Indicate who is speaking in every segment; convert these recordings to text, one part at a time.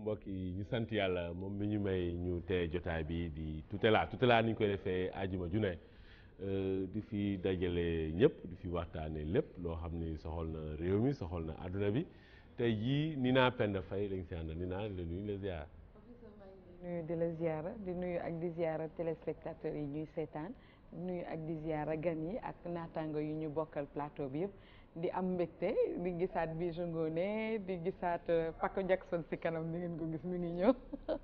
Speaker 1: mbokk yi ñu sant yàlla moom mi ñu may ñu tey jotaay bi di tutela tutela ni ñu koy defee ajuma ju ne euh, di fi dajale ñëpp di fi waxtaanee lépp loo xam ni soxal na réew mi soxal na àdduna bi tey jii ni Penda Faye lañ si àndal Nina la nuyu la ziar.
Speaker 2: nuyu di la ziara di nuyu ak di ziara téléspectateurs yi ñuy seetaan nuyu ak di ziara gan yi ak naataango yu ñu bokkal plateau bi yëpp. di am mbégte di gisaat Bijou Ngoné di gisaat euh, Paco Jackson si kanam ni ngeen ko gis mi ngi ñëw.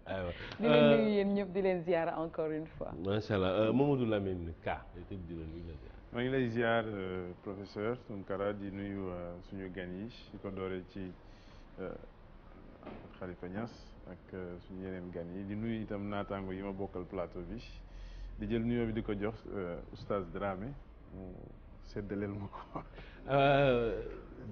Speaker 1: aywa ah di leen euh, nuyu
Speaker 2: ñëpp di leen ziar encore une fois.
Speaker 1: macha allah euh, Mamadou Lamine Ka
Speaker 3: di leen maa ngi lay ziar professeur Tounkara di nuyu suñu gan yi di ko dooree ci Khalifa Niass ak suñu yeneen gan yi di nuyu itam naataango yi ma bokkal plateau bi di jël nuyoo bi di ko jox oustaz
Speaker 1: Dramé. séddaleel ma ko. Euh,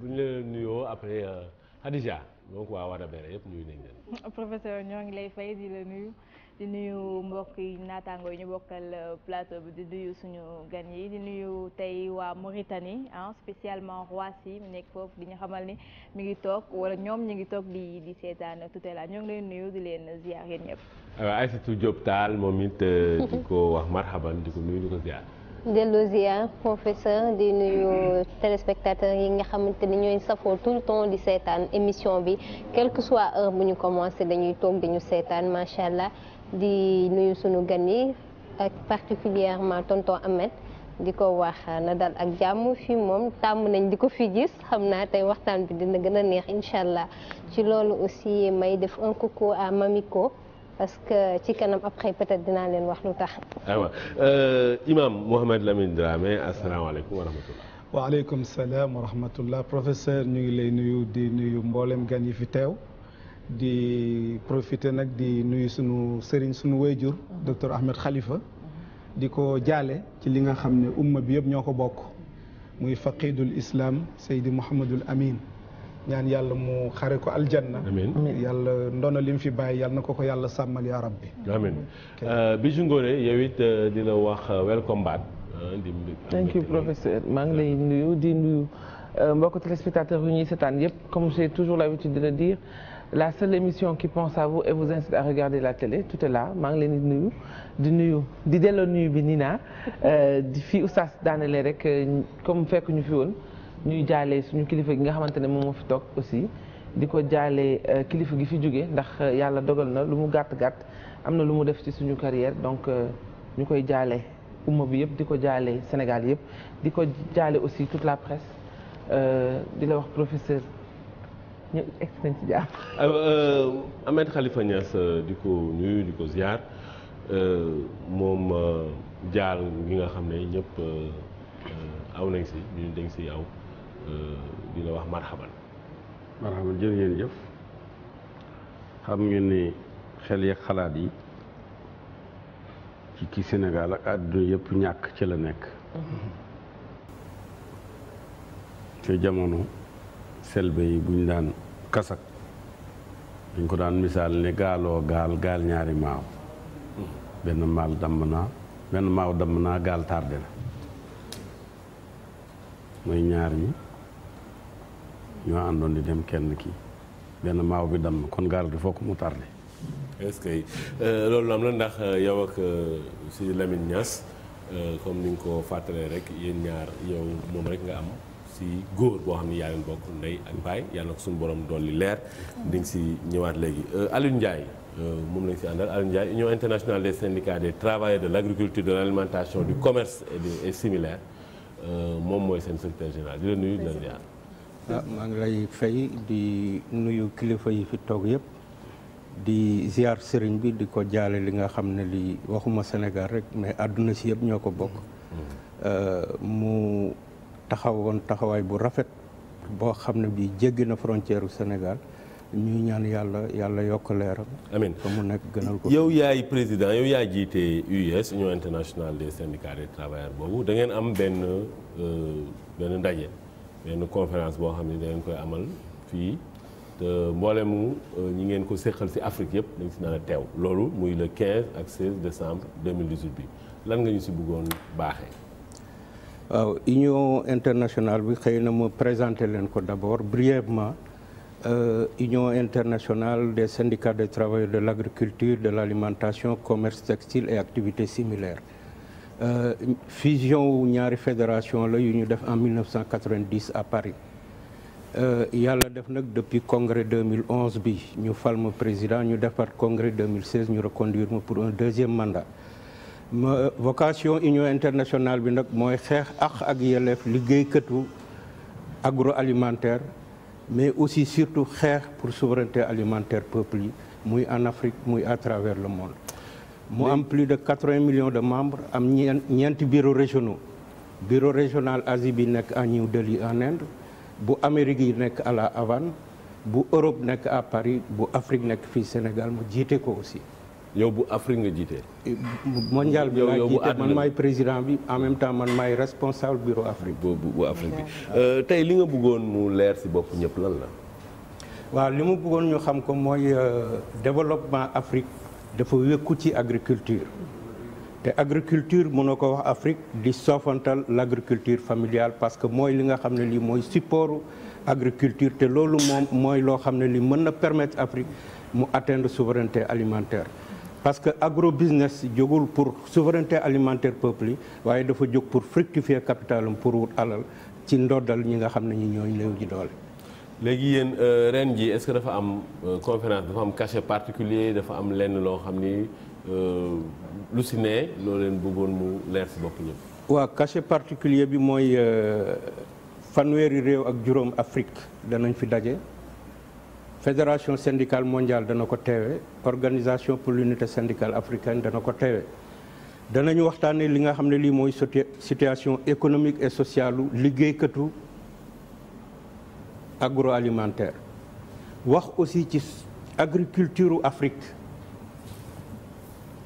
Speaker 1: bu ñu la nuyoo après euh, Khadija donc waa Wadabere yëpp nuyu nañ leen.
Speaker 4: professeur ñoo ngi lay fay di la nuyu di nuyu mbokk yi naataangoo yi ñu bokkal euh, plateau bi di nuyu suñu gan yi di nuyu tey waa Mauritanie ah spécialement Roissy mu nekk foofu di ñu xamal ni mu ngi toog wala ñoom ñu ngi toog di di seetaan tutela ñoo ngi leen nuyu di leen ziar yéen
Speaker 5: ñëpp.
Speaker 1: Aïssatou Diop Tall moom it di ko wax marhaban di ko nuyu di ko ziar.
Speaker 5: delloo ziar professeur di nuyu téléspectateur yi nga xamante ni ñooy safoo tout temps di seetaan émission bi quelque que soit heure bu ñu commencé dañuy toog di ñu seetaan macha allah di nuyu suñu gan yi ak particulièrement tonton Ahmed di ko wax na dal ak jàmm fii moom tàmm nañ di ko fi gis xam naa tey waxtaan bi dina gën a neex incha allah ci loolu aussi may def un coucou à Mamiko parce que ci kanam après peut-être dinaa leen wax lu tax.
Speaker 1: aywa euh, Imam Mouhamed Lamine Dramé asalaamaaleykum wa rahmatullah.
Speaker 6: waaleykum salaam wa rahmatullah professeur ñu ngi lay nuyu di nuyu mboolem gan yi fi teew. di profiter nag di nuyu sunu sëriñ sunu wayjur docteur Ahmed xalifa di ko jaale ci li nga xam ne umma bi yëpp ñoo ko bokk. muy faqidu islam Seydi Mouhamadul Amin. ñaan yàlla mu xare ko aljanna yàlla ndono mu fi bàyyi yàlla na ko ko yàlla sàmmal yaa rabbi
Speaker 1: amin euh, Bijou Ngoné yow it euh, di la wax euh, welcome back
Speaker 6: thank you professeur maa ngi lay nuyu di nuyu mbokk téléspectateurs yu ñuy seetaan yëpp comme j'ai toujours l'habitude de le dire la seule émission qui pense à vous et vous incite à regarder la télé tout là maa ngi leen di nuyu di nuyu di delloo nuyu bi Nina di fii oustaz daanele rek comme fekk ñu fi woon ñuy jaale suñu kilifa gi nga xamante ne moom moo fi toog aussi di ko jaale euh, kilifa gi fi jóge ndax euh, yàlla dogal na lu mu gàtt gàtt am na lu mu def ci suñu carrière donc euh, ñu koy jaale umma bi yëpp di ko jaalee Sénégal yëpp di ko jaale aussi toute la presse di la wax professeur ñu egg nañ ci jàmm.
Speaker 1: Ahmed Khalifa Niass di ko nuyu di ko ziar moom jaar gi nga xam ne ñëpp aw nañ si ñun dañ si aw. Euh, di la wax marhaban marhaban jërë ngeen jëf xam ngeen ni xel yeeg xalaat yi ci ci Sénégal ak àdduna yëpp ñàkk ci la nekk ci jamono selbe yi bu daan kasak dañ ko daan misaal ni gaaloo gaal gaal ñaari maaw benn maal damm naa benn maaw damm naa gaal tardé na mooy ñaar ñi ñoo àndoon di dem kenn kii benn maaw bi damm kon gaal gi fokk mu tardé. est-ce que euh, loolu am la ndax euh, yow ak euh, si Lamine Niass comme ni nga ko fàttalee rek yéen ñaar yow moom rek nga am si góor boo xam ne yaa leen bokk ndey ak baay yàlla ko suñu borom dolli leer di nga si ñëwaat léegi Alioune Ndiaye moom lañ si àndal Alioune Ndiaye Union internationale des syndicats des travailleurs de l'agriculture de l'alimentation du commerce et similaire moom mooy seen secrétaire général di la nuyu di Ah, maa ngi lay
Speaker 7: fay di nuyu kilifa yi fi toog yëpp di ziar sëriñ bi di ko jaale li nga xam ne li waxuma Sénégal rek mais àdduna si yëpp ñoo ko bokk. Mm-hmm. Euh, mu taxawoon taxawaay bu rafet boo xam ne bii jéggi na frontière u Sénégal ñuy ñaan yàlla yàlla yokk leeram. amiin fa mu nekk
Speaker 1: gënal ko. yow yaay président yow yaay jiite UIS e Union internationale des syndicats des boobu da ngeen am benn euh, benn ndaje. benn conférence boo xam ne da koy amal fii te mboolemu euh, ñu ngeen ko séqal ci Afrique yëpp dañ ci nar teew loolu muy le 15 ak 16 décembre 2018 bi lan nga ñu ci bëggoon baaxee.
Speaker 7: waaw union internationale bi xëy na ma présenter leen ko d'abord brièvement euh, union internationale des syndicats de travail de l'agriculture de l'alimentation commerce textile et activités similaires. Euh, fusion wu ñaari fédération la yu ñu def en 1990 à Paris euh, yàlla def nag depuis congrès 2011 bi ñu fal ma président ñu def par congrès 2016 ñu reconduire ma pour un deuxième mandat ma vocation union internationale bi nag mooy xeex ak ak yelleef liggéeykatu agro alimentaire mais aussi surtout xeex pour souveraineté alimentaire peuple yi muy en Afrique muy à travers le monde mu am plus de quatre-vingts millions de membre am ñeent ñeenti bureaux régionaux bureau régional Asie bi nekk à New Delhi en Inde bu Amérique yi nekk à la Havane bu Europe nekk à Paris bu Afrique nekk fii Sénégal mu jiite ko aussi.
Speaker 1: yow bu Afrique nga jiite.
Speaker 7: mondial bi laa jiite man maay président bi en même temps man maay responsable bureau Afrique.
Speaker 1: bu bu Afrique bi euh, tey li nga buggoon mu leer si bopp ñëpp
Speaker 7: lan la. waaw li mu bëggoon ñu xam ko mooy euh, développement Afrique. dafa wékku ci agriculture te agriculture mënoo ko wax Afrique di soofantal l' agriculture familiale parce que mooy li nga xam ne lii mooy support agriculture te loolu moom mooy loo xam ne li mën na permettre Afrique mu atteindre souveraineté alimentaire parce que agro business jógul pour souveraineté alimentaire peuple yi waaye dafa jóg pour fructifier capital pour wut alal ci ndoddal ñi nga xam ne ñi ñooy néew ji doole
Speaker 1: léegi yéen euh, ren ji est-ce que dafa am euh, conférence dafa am cachet particulier dafa am lenn loo xam ni euh, lu si ne loo leen bëggoon mu leer si bopp ñëpp. waaw
Speaker 7: cachet particulier bi mooy fanweeri réew ak juróom Afrique danañ fi daje. fédération syndicale mondial dana ko teewe organisation pour l'unité syndicale africaine dana ko teewe danañu waxtaanee li nga xam ne lii mooy situation économique et socialu liggéeykatu agro alimentaire wax aussi ci agriculture Afrique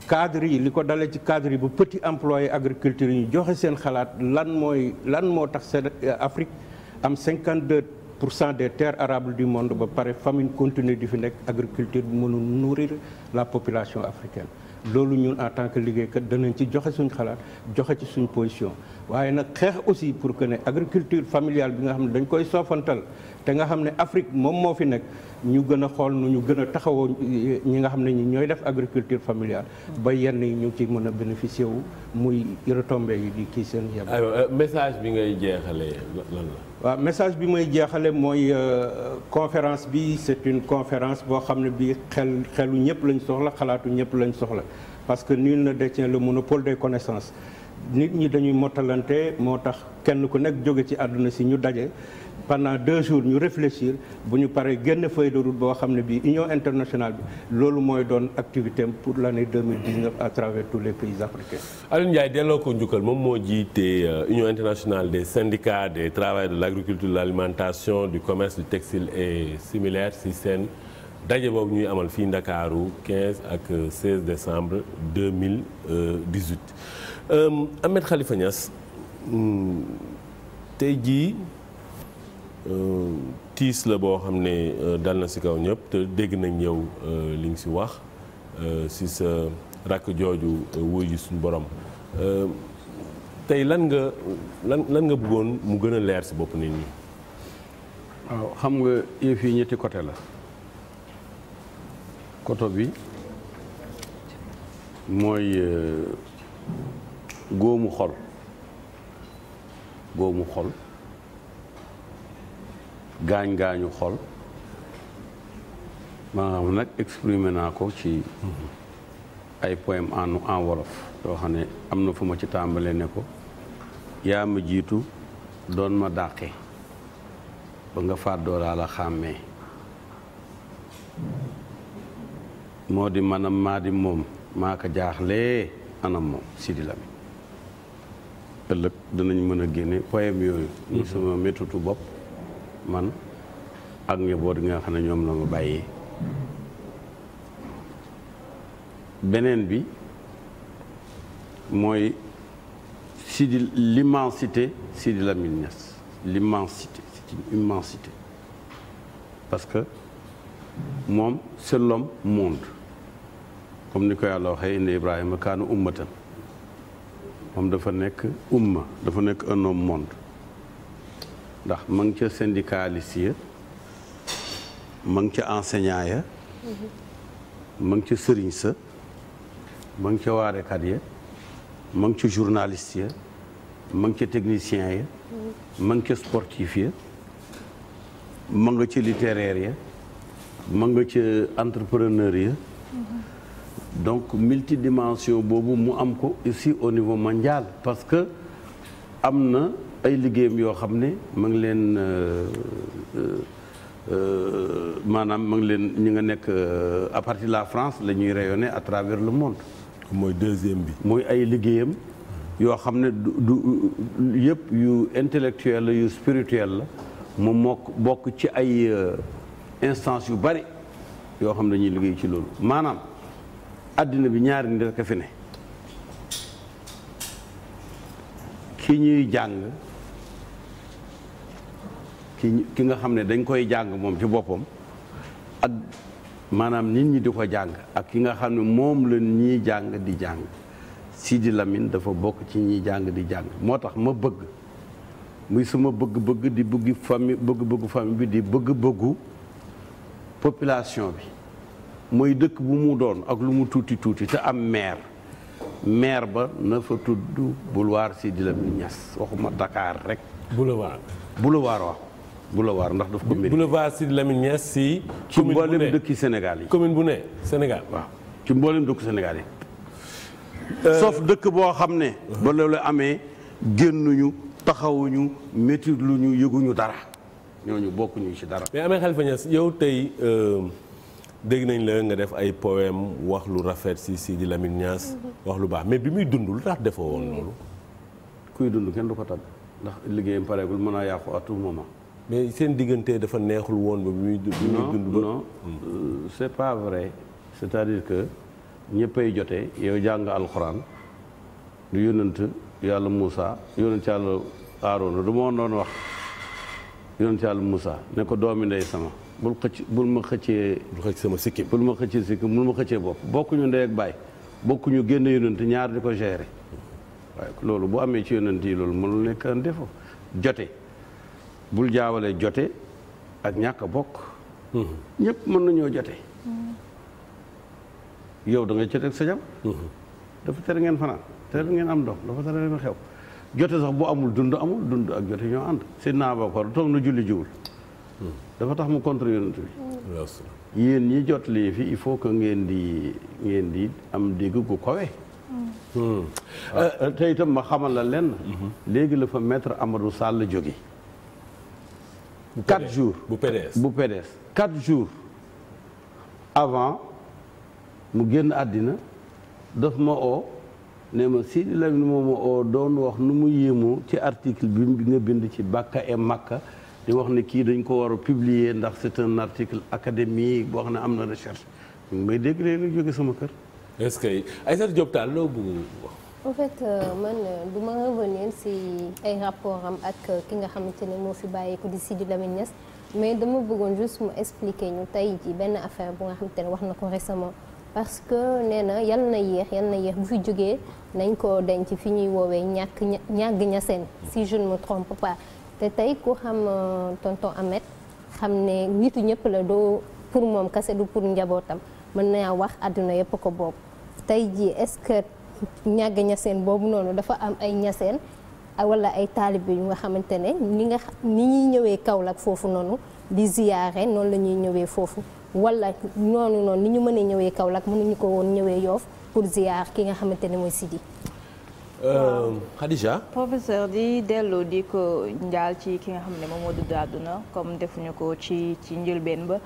Speaker 7: cadre yi li ko dalee ci cadre bu petit employé agriculture yi ñu joxe seen xalaat lan mooy lan moo tax seen euh, Afrique am 52 pour cent des terres arables du monde ba pare famine continuer di fi nekk agriculture bu mënul nourrir la population africaine loolu ñun en tant que liggéeykat danañ ci joxe suñu xalaat joxe ci suñu position waaye nag xeex aussi pour que ne agriculture familiale bi nga xam ne dañ koy soofantal te nga xam ne Afrique moom moo fi nekk ñu gën a xool nu ñu gën a taxawoo ñi nga xam ne ñi ñooy def agriculture familiale. ba yenn yi ñu ci mën a bénéficier wu muy retombé yi di kii seen
Speaker 1: yem. Euh, message bi ngay jeexale lan
Speaker 7: waaw message bi may jeexale mooy euh, conférence bi c'est une conférence boo xam ne bii xel xelu ñëpp lañ soxla xalaatu ñëpp lañ soxla parce que nul ne détient le monopole des connaissances nit ñi dañuy mottalante moo tax kenn ku nekk jóge ci àdduna si ñu daje. pendant deux jours ñu réfléchir bu paree génn feuille de route boo xam ne bii union internationale bi loolu mooy doon activité pour l' année 2019 à travers tous les pays africains.
Speaker 1: Alioune Ndiaye delloo ko njukkal moom moo jiite euh, union internationale des syndicats des travailleurs de l' agriculture de l' alimentation du commerce du textile et similaire ci seen daje boobu ñuy amal fii Ndakaaru 15 ak 16 décembre 2018 euh, euh, Ahmed Khalifa Niass hmm, tey jii. tiis la boo xam ne euh, dal na si kaw ñëpp te dégg nañ yow euh, li nga si wax si euh, sa rakk jooju wuy ji suñu borom tey lan nga lan lan nga bëggoon mu gën a leer si bopp nit ñi. waaw xam nga yëf yi ñetti côté la côté bi mooy góomu xol góomu xol. gaañ gaañu xol maanaam nag exprime naa ko ci ay poème en en yoo xam ne am na fu ma ci tàmbalee ne ko yaa ma jiitu doon ma dàqe ba nga fàddoo laa la xàmmee moo di manam maa di moom maa ko jaaxlee anam moom Sidi Lamine ëllëg danañ mën a génne poème yooyu. ni sama métutu bopp. man ak njaboot gi nga xam ñoom la ma bàyyee beneen bi mooy Sidi l'immensité Sidi Lamine Niass l'immensité c'est une immensité parce que moom c'est monde comme ni ko yàlla waxee indi Ibrahima kaanu ummatan moom dafa nekk umma dafa nekk un homme monde ndax ma ngi ca syndicaliste ya ma ngi ca enseignant ya ma ngi ca sëriñ sa ma ngi ca waarekat ya ma ngi ca journaliste ya ma ngi ca technicien ya ma ngi ca sportif ya ma nga ca littéraire ya ma nga ca entrepreneur ya donc multidimension boobu mu am ko ici au niveau mondial parce que am na ay liggéeyam yoo xam ne ma ngi leen euh, euh, euh, maanaam mag leen ñu nga nekk à partir de la France la ñuy rayonner à travers le monde. mooy deuxième bi. mooy ay liggéeyam yoo xam ne du du yu intellectuel la yu spirituel la mu mokk bokk ci ay instance yu bari yoo xam ne dañuy liggéey ci loolu maanaam àddina bi ñaari nit rek fi ne. ki ñuy jàng. ki ki nga xam ne dañ koy jàng moom ci boppam ak maanaam nit ñi di ko jàng ak ki nga xam ne moom la ñiy jàng di jàng Sidi Lamine dafa bokk ci ñiy jàng di jàng moo tax ma bëgg muy suma bëgg-bëgg di bëgg famille bëgg-bëggu famille bi di bëgg-bëggu population bi mooy dëkk bu mu doon ak lu mu tuuti tuuti te am maire maire ba na fa tudd boulevard Sidi Lamine Niass waxuma Dakar rek boulevard boulevard wax boulevard ndax daf ko mérite boulevard Sidi Lamine Niass si. ci mboolem dëkki Sénégal yi commune bu ne Sénégal waaw ci mboolem dëkk Sénégal yi. Euh, sauf dëkk boo xam ne. ba loolu amee génnuñu taxawuñu métti luñu yëguñu dara ñooñu bokkuñu ci dara. mais Ahmed Khalifa Niass yow tey euh, dégg nañ la nga def ay poème wax lu rafet si Sidi Lamine Niass wax lu baax mais bi muy dund lu tax defoo woon loolu. kuy dund kenn du ko tàgg ndax liggéeyam pareegul mën a yàqu à tout moment. mais seen diggante dafa neexul woon ba bi muy dund ba non euh, c'est pas vrai c'est-à-dire que ñëppay jotee yow jàng alxuraan du yónnant yàlla Moussa yónnant yàlla Aaroona du ma doon wax yónnant yàlla Moussa ne ko doomi ndey sama bul xëcc bul ma xëccee bul xëcc sama sikkim bul ma xëccee sikkim bul ma xëccee bopp bokkuñu ndey ak baay bokkuñu génn yónnant ñaar di ko gérer loolu bu amee ci yónnant loolu mënul nekk un défaut jote bul jaawale jote ak ñàkk a bokk. Hmm. ñëpp mën nañoo jote. Hmm. yow da nga jote ak sa jam hmm. dafa tere ngeen fanaan tere ngeen am doom dafa tere ngeen xew. jote sax bu amul dund amul dund ak jote ñoo ànd Seydina Abubakar toog na julli jiwul. dafa tax mu contre yonent bi yéen ñi jot lii fi il faut que ngeen di ngeen di am dégg gu kowe ah, te itam ma xamal la lenn léegi la fa maître Amadou Sall jóge quatre jours bu PDS bu PDS quatre jours avant mu génn àddina daf ma oo ne ma Sidi Lamine moom ma oo doon wax nu mu yéemu ci article bi nga bind ci Bakka et Makka di wax ne kii dañ ko war a publier ndax c'est un article académique boo xam ne am na recherche may dégg léegi jóge sama kër. est-ce que Aïssata Diop Tall
Speaker 5: en fait euh, man euh, du ma revenir si ay rapport am ak euh, ki nga xamante ne moo fi bàyyeeku di Sidi Lamine Niass mais dama bëggoon juste mu expliquer ñu tey ji benn affaire bu nga xamante ne wax na ko récemment parce que nee na yal na yéex yal na yéex bu fi jógee nañ ko denc fi ñuy woowee ñàkk ñàgg ñaseen si je mu me trompe pas te tey ku xam tonton Ahmed xam ne witu ñëpp la doo pour moom kase du pour njabootam mën naa wax àdduna yëpp ko boobu tey ji est ñàgg ñaseen boobu noonu dafa am ay ñaseen wala ay taalibe yu nga xamante ne ni nga ni ñuy ñëwee Kaolack foofu noonu di ziyaare noonu la ñuy ñëwee foofu wala noonu noonu ni ñu mënee ñëwee Kaolack ñu ko woon ñëwee Yoff pour ziyaar ki nga xamante ne mooy si Sidi
Speaker 1: Khadija.
Speaker 5: professeur
Speaker 4: di delloo di ko njaal ci ki nga xam ne moom moo dëdd adduna comme defuñu ko ci ci njëlbeen ba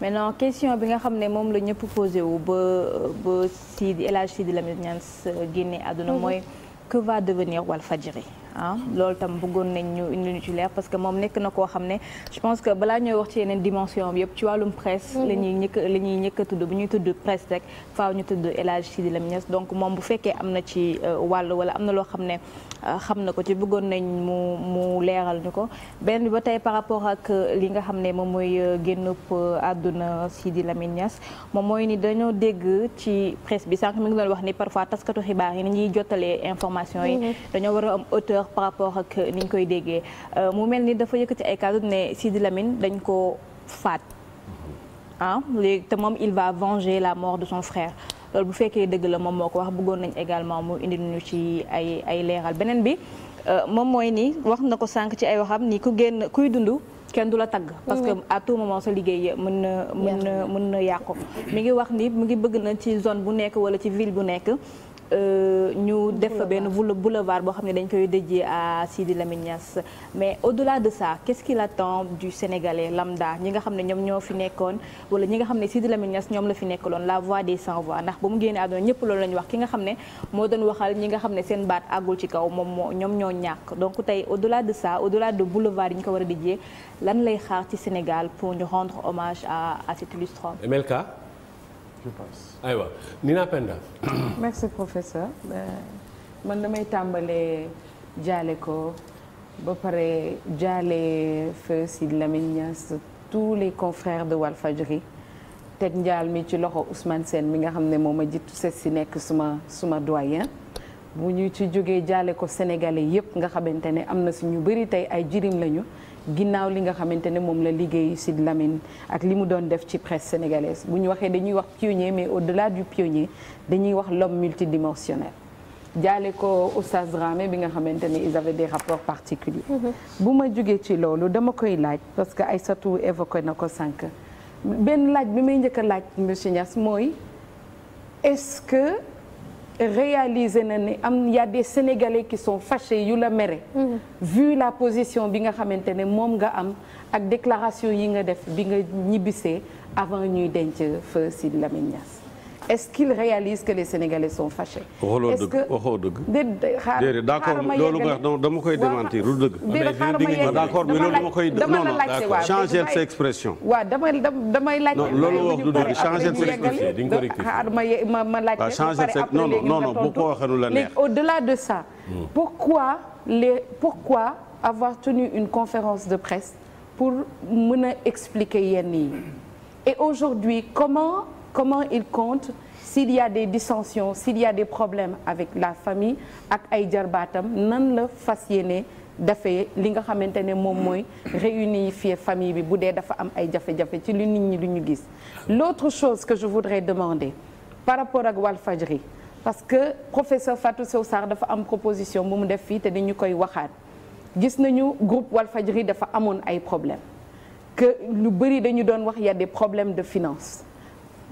Speaker 4: mais maintenant question bi nga xam ne moom la ñëpp posé wu ba ba Sidi El Hadj Sidi Lamine Niass génne àdduna mhm. mooy que va devenir Walfadjri ah loolu tam bëggoon nañ ñu indi ñu ci leer parce que moom nekk na koo xam ne je pense que balaa ñooy wax ci yeneen dimension bi yëpp ci wàllum presse. Mhm. la ñëkk ñuy ñëkk a tudd bu ñuy tudd presse rek faaw ñu tudd El Hadj Sidi Lamine Niass donc moom bu fekkee am na ci euh, wàll wala am na loo xam ne euh, xam na ko ci bëggoon nañ mu mu leeral ñu ko. benn bi ba tey par rapport ak euh, li nga xam ne moom mooy génn àdduna Sidi Lamine Niass moom mooy ni dañoo dégg ci presse bi sànq mu ngi doon wax ni parfois taskatu xibaar yi ni ñuy jottalee information yi. Mhm. dañoo war a hauteur par rapport ak euh, ni ñu koy déggee euh, mu mel ni dafa yëkkati ay kàddu ne Sidi Lamine dañ ko faat ah léegi te moom il va venger la mort de son frère loolu bu fekkee dëgg la moom moo ko wax bëggoon nañ également mu indi nañu ci ay leeral beneen bi euh, moom mooy ni wax na ko sànq ci ay waxam ni ku génn kuy dundu kenn du la tagg parce que à tout moment sa liggéey mën na mën na mën na yàqu mi ngi wax ni mu ngi bëgg na ci zone bu nekk wala ci ville bu nekk Euh, ñu def fa benn boulevard boo xam ne dañ koy dédié à Sidi Lamine Niass mais au-delà de ça qu'est-ce qu'il attend du Sénégalais lambda ñi nga xam ne ñoom ñoo fi nekkoon wala ñi nga xam ne Sidi Lamine Niass ñoom la fi nekkaloon la voix des sans voix ndax ba mu génnee àdduna ñëpp loolu la ñu wax ki nga xam ne moo doon waxal ñi nga xam ne seen baat àggul ci kaw moom moo ñoom ñoo ñàkk donc tey au-delà de ça au-delà de boulevard yi ñu ko war a dédié lan lay xaar ci Sénégal pour ñu rendre hommage à à
Speaker 1: je pense. aywa Nina
Speaker 2: merci professeur euh, man damay tàmbalee jaale ko ba pare jaale feu Sidy Lamine Niass tous les confrères de Walfadjri teg njaal mi ci loxo Ousmane Sène mi nga xam ne moom a jiitu set si nekk suma suma doyen. bu ñu ci jógee jaale ko sénégalais yëpp nga xamante ne am na si ñu bëri tey ay jirim lañu. ginnaaw li nga xamante ne moom la liggéey Sid Lamine ak li mu doon def ci presse sénégalaise bu ñu waxee dañuy wax pionnier mais au-delà du pionnier dañuy wax l'homme multidimensionnel jaale ko Oustaz Dramé bi nga xamante ne ils avaient des rapports particuliers mm-hmm. bu ma jógee ci loolu dama koy laaj parce que Aïssatou évoqué na ko sànq benn laaj bi may njëkk a laaj monsieur Niass mooy est-ce que réaliser na ne am y a des qui sont fâchés yu la mere. Mhm. vu la position bi nga xamante ne moom nga am ak déclaration yi nga def bi nga ñibbisee avant ñuy denc feu Sidy Lamine Niass. est-ce qu'ils réalisent que les Sénégalais sont fâchés. est-ce que waxoo dëgg déedéet d'accord loolu nga wax
Speaker 1: dama koy démentir lu dëgg. déedéet xaaral ma yeggali d'accord mais loolu dama koy non non changer cette expression.
Speaker 2: waaw damay damay laaj. non loolu wax du dëgg changer cette expression di nga ko rectifier. xaaral ma ye ma ma laaj. waaw changer cette non non non bu ko waxee nu la neex. au-delà de ça. Hmm. pourquoi les pourquoi avoir tenu une conférence de presse pour mën a expliquer yenn yi et aujourd'hui comment. comment il compte s'il y des dissensions s'il y des problèmes avec la famille ak ay jarbaatam nan la fas yéene dafe li nga xamante ne moom mooy réunifier famille bi bu dee dafa am ay jafe-jafe ci lu nit ñi lu ñu gis l'autre chose que je voudrais demander par rapport ak Walfadjri parce que professeur Fatou Sow Sarr dafa am proposition bu mu def fii te dañu koy waxaat gis nañu groupe Walfadjri dafa amoon ay problèmes que lu bëri dañu doon wax y des problèmes de finance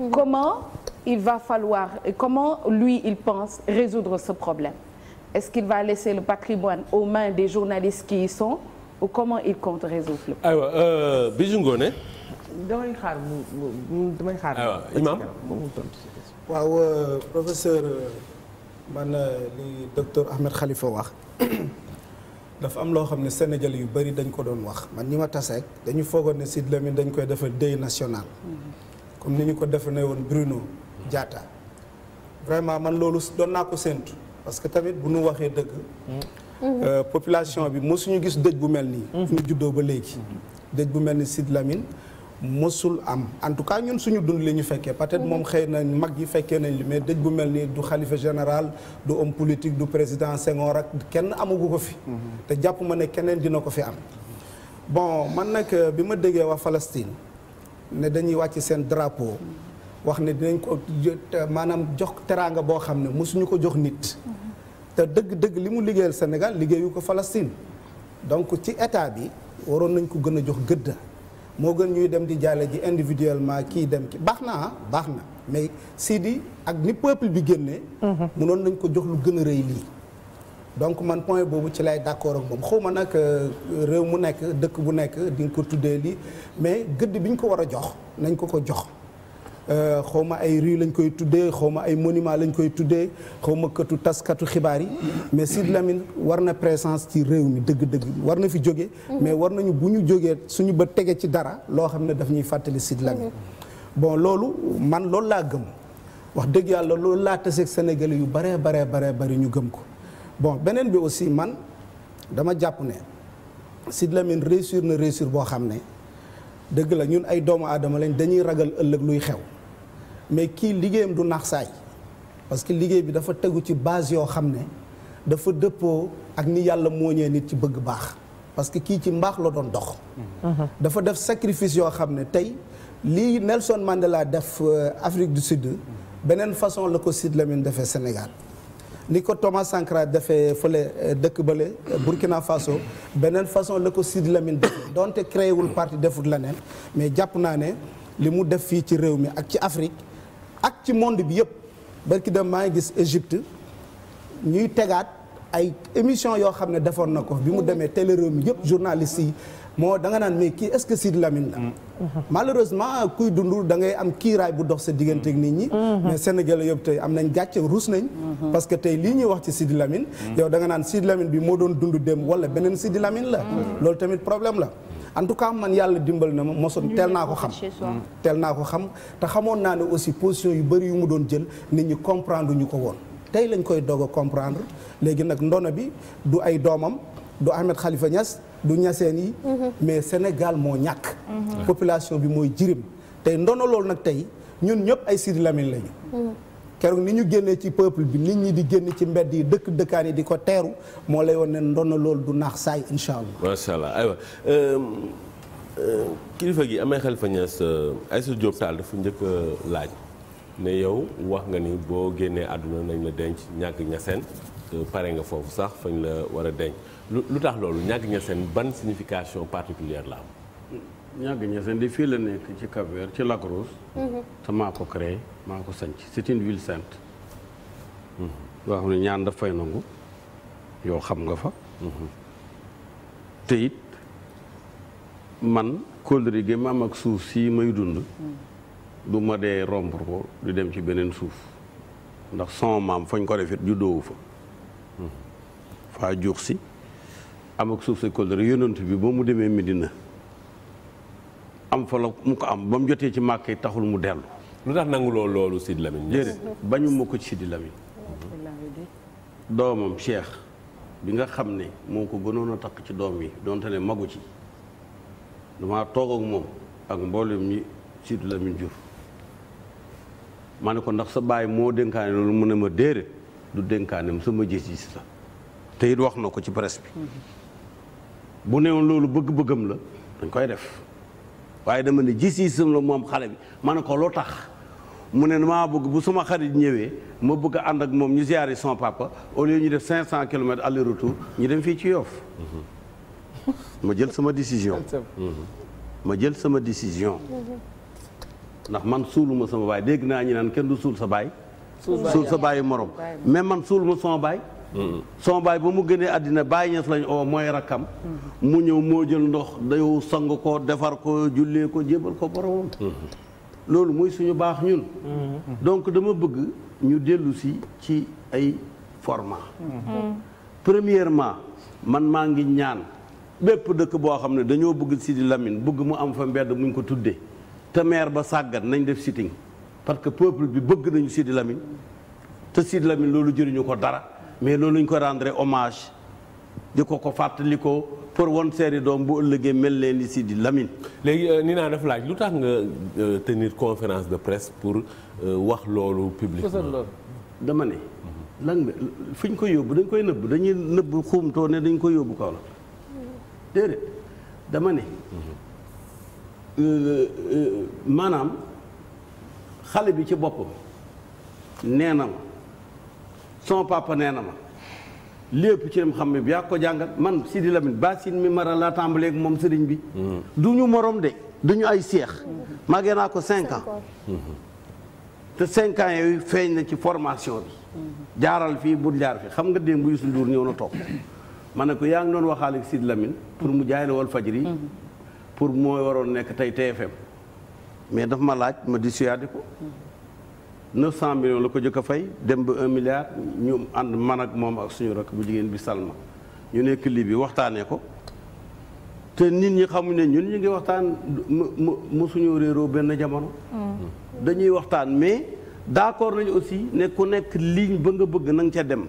Speaker 2: comment il va falloir comment lui il pense résoudre ce problème est-ce qu'il va laisser le patrimoine aux mains des journalistes qui y sont ou comment il compte résoudre le
Speaker 1: problème aywa euh, Bijou Ngoné
Speaker 6: damay xaar mu damay xaar imam waaw euh, professeur euh, man li docteur Ahmed Khalifa wax dafa am loo xam ne Sénégal yu bari dañ ko doon wax man ñi ma tase dañu foogoon ne Sidy Lamine dañ koy defar deuil national mm-hmm. comme ni ñu ko defe ne woon Bruno Diatta vraiment man loolu doon naa ko séntu parce que tamit bu nu waxee dëgg euh, population bi mosuñu gis dëj bu mel nii ñu juddoo ba léegi dëj bu mel ni Sid Lamine mosul am en tout cas ñun suñu dund li ñu fekkee peut-être moom xëy na mag yi fekkee nañ li mais dëj bu mel nii du xalifa général du homme politique du président Senghor ak kenn amagu ko fi mhm. te jàpp ma ne keneen dina ko fi am bon man nag euh, bi ma déggee wax Palestine ne dañuy wàcc seen drapeau wax ne dinañ ko maanaam jox teraanga boo xam ne mosuñu ko jox nit. te dëgg-dëgg li mu liggéeyal Sénégal liggéeyu ko Palestine donc ci état bi waroon nañ ko gën a jox gëdd. moo gën ñuy dem di jàlle ji individuellement kii dem ki baax na ah baax na mais Sidi ak ni peuple bi génnee. Mhm. mënoon nañ ko jox lu gën a rëy lii. donc man point boobu ci lay d'accord ak moom xaw ma nag euh, réew mu nekk dëkk bu nekk di nga ko tuddee lii mais gëdd bi ñu ko war a jox nañ ko ko jox. Euh, xaw ma ay rue lañ koy tuddee xaw ma ay monument lañ koy tuddee xaw ma katu taskatu xibaar yi mais Sidy Lamine war na présence ci réew mi dëgg-dëgg war na fi jóge mais war nañu bu ñu jógee suñu ba tegee ci dara loo xam ne daf ñuy fàttali Sidy Lamine bon loolu man loolu laa gëm wax dëgg yàlla loolu laa taseeg Sénégalais yu baree baree baree bari ñu gëm ko bon beneen bi aussi man dama jàpp ne Sidy Lamine réussir na réussir boo xam ne dëgg la ñun ay doomu aadama lañ dañuy ragal ëllëg luy xew mais kii liggéeyam du naax saay parce que liggéey bi dafa tegu ci base yoo xam ne dafa dëppoo ak ni yàlla mooñee nit ci bëgg baax parce que kii ci mbaax la doon dox. dafa def sacrifice yoo xam ne tey lii Nelson Mandela def euh, Afrique du Sud beneen façon la ko Sidy Lamine defee Sénégal. ni ko Thomas Sankara defee fële euh, dëkk bële euh, Burkina Faso beneen façon la ko Sidi Lamine def donte créé wul parti defut leneen mais jàpp naa ne li mu def fii ci réew mi ak ci Afrique ak ci monde bi yëpp barki dem maa gis Égypte ñuy tegaat ay émission yoo xam ne defoon na ko bi mu demee télé réew mi yëpp journalistes yi moo da nga naan mais kii est-ce que Sidi lamin la malheureusement kuy dund dangay am kiiraay bu dox sa diggante ak nit ñi mhm. mais Sénégalais yëpp tey am nañ gàcce ruus nañ mhm. parce que tey lii ñuy wax ci Sidi Lamine mhm. yow da nga naan Sidi Lamine bi moo doon dund dem wala beneen Sidi Lamine la loolu tamit problème la en tout cas man yàlla dimbal na ma mosoon teel naa ko xam teel naa ko xam te xamoon naa ne aussi position yu bëri yu mu doon jël nit ñi comprendre ñu ko woon tey lañ koy doog a comprendre léegi nag ndono bi du ay doomam du Ahmed Khalifa Niass du ñaseen yi mais Sénégal moo ñàkk population bi mooy jirim tey ndono loolu nag tey ñun ñëpp ay Sidi Lamine lañu keroog ni ñu génnee ci peuple bi nit ñi di génn ci mbedd yi dëkk dëkkaan yi di ko teeru moo lay woon ne ndono lool du naax saay incha allah
Speaker 1: macha allah aywa euh, euh, kilifa gi amee xel fa ñaas euh, Aïssatou Diop Tall dafa njëkk laaj ne yow wax nga ni boo génnee àdduna nañ la denc ñàkk ñaseen pare nga foofu sax fañ la war a denc lu tax loolu ñàgg ñaseen ban signification particulière la am. ñàgg ñaseen di fii la nekk ci Cap-Vert ci Lac mhm. te maa ko créé maa ko sanc c'est une ville sainte. Mhm. yoo xam ne ñaan daf fay nangu yow xam nga fa. Mhm. te man kóllëre ma am ak suuf si may dund. du ma dee romb ko du dem ci beneen suuf ndax sama maam fañ ko defit juddoowu fa. faa juux si. am ak suuf sa kóllëre yonent bi ba mu demee na am fa mu ko am ba mu jotee ci màkk yi taxul mu dellu. lu tax nangu loolu loolu Sidi Lamine. déedéet bañu ma ko Sidi Lamine. doomam Cheikh bi nga xam ne moo ko gënoon a takk ci doom yi donte ne magu ci damaa toog ak moom ak mboolem ñi Sidi Lamine jur. ma ne ko ndax sa baay moo dénkaane loolu mu ne ma déedéet du dénkaaneem sama gis-gis la te wax na ko ci presse bi. Mhm. bu newoon loolu bëgg-bëggam la dañ koy def waaye dama ne gis-gisam la moom xale bi ma ne ko loo tax mu ne maa bëgg bu suma xarit ñëwee ma bëgg ànd ak moom ñu ziyaare son papa au lieu ñu def 500 kilomètres aller retour ñu dem fii ci yoof ma jël sama décision ma jël sama décision ndax man suuluma sama baay dégg naa ñu naan kenn du suul sa baay suul sa baayu morom mais man suuluma sama baay sama baay ba mu gënee àddina Baay Ñas lañ oo mooy rakkam mu ñëw moo jël ndox dayow sang ko defar ko jullee ko jébal ko boromam loolu mooy suñu baax ñun donc dama bëgg ñu dellu si ci ay format premièrement man maa ngi ñaan bépp dëkk boo xam ne dañoo bëgg Sidi Lamine bëgg mu am fa mbedd muñ ko tuddee te maire ba sàggat nañ def sitting parce que peuple bi bëgg nañu Sidi lamin te Sidi lamin loolu jëriñu ko dara mais loolu ñu ko rendre hommage di ko ko fàttali ko pour won seeni doom bu ëllëgee mel leen ni Sidi Lamine. léegi euh, ni naa def laaj lu tax nga euh, tenir conférence de presse pour euh, wax loolu publiquement dama ne. lan nga fi ñu koy yóbbu dañ koy nëbbu dañu nëbbu xuumtoo ne dañu koy yóbbu kaw la déedéet dama ne maanaam xale bi ci boppam nee na ma sama papa nee na ma lépp ci lim xam ne bi yaa ko jàngal man Sidi Lamine Bassine mi mara laa tàmbaleek moom sëriñ bi. Mm-hmm. du ñu morom de du ñu ay seex. màggee naa ko cinq ans. Mm-hmm. te cinq ans yooyu feeñ na ci formation bi.
Speaker 8: Mm-hmm.
Speaker 1: jaaral fii bu jaar fi xam nga démb Youssou Ndour ñëw na toog. ma ne ko yaa ngi doon waxaale ak Sidi Lamine pour mu jaay la wal fajri. pour mooy waroon nekk tey TFM. mais daf ma laaj ma dissuadé ko. cent millions la ko jëkk a fay dem ba un milliard ñu ànd man ak moom ak suñu rakk bu jigéen bi Salma ñu nekk lii bi waxtaanee ko te nit ñi xamuñ ne ñun ñu ngi waxtaan mu mu mu suñu réeroo benn jamono.
Speaker 8: Mm.
Speaker 1: dañuy waxtaan mais d'accord nañu aussi ne ku nekk ligne ba nga bëgg na nga ca dem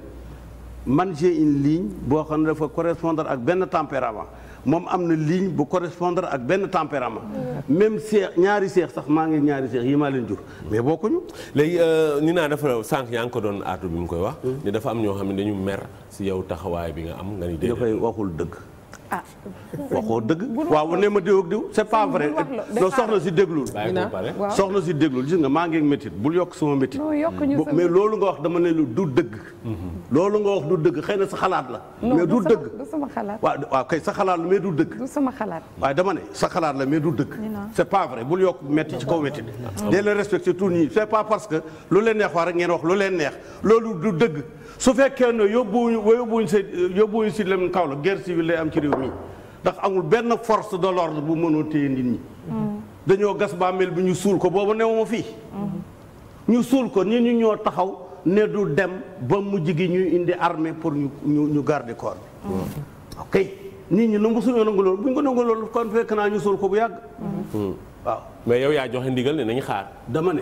Speaker 1: man j'ai une ligne boo xam ne dafa correspondre ak benn tempérament. moom am na ligne bu correspondre ak benn tempérament même seex ñaari seex sax maa ngi ñaari seex yi maa leen jur mais euh, ñu léegi ni naa dafa sànq yaa ngi ko doon aatu bi mu koy wax hmm. ni dafa am ñoo xam ne dañu mer si yow taxawaay bi nga am nga ni dafay waxul dëgg ah waxoo dëgg. waaw ne ma diw ak diw c'est pas vrai. non soxna si déglul. soxna si déglul gis nga maa ngi métit bul yokk sama métit. mais loolu nga wax dama ne lu du dëgg. Mhm. loolu nga wax du dëgg xëy na sa xalaat la. mais du dëgg sama xalaat. waaw waaw kay sa xalaat la dëgg. sama xalaat. waaye dama ne sa xalaat la mais du dëgg. c'est pas vrai bul yokk métti ci kaw métti. dee leen respecté tout ñi c'est pas parce que lu leen neex wax ngeen wax lu leen neex loolu du dëgg. su fekkee ne yóbbuwuñu yóbbuwuñu si yóbbuwuñu si leen kaw la guerre civile lay am ci réew mi ndax amul benn force de l'ordre bu mënul téye nit ñi. Mm. dañoo gas bàmmeel bi ñu suul ko boobu newuma fii.
Speaker 8: Mm-hmm.
Speaker 1: ñu suul ko nit ñi ñoo taxaw ne du dem ba mujj gi ñuy indi armée pour ñu ñu ñu garder corps bi.
Speaker 8: Mm.
Speaker 1: ok nit ñi nangu suñu nangu loolu bu ñu ko nangu loolu kon fekk naa ñu suul ko bu yàgg. Mm-hmm. Mm. waaw mais yow yaa joxe ndigal ne nañu xaar. dama ne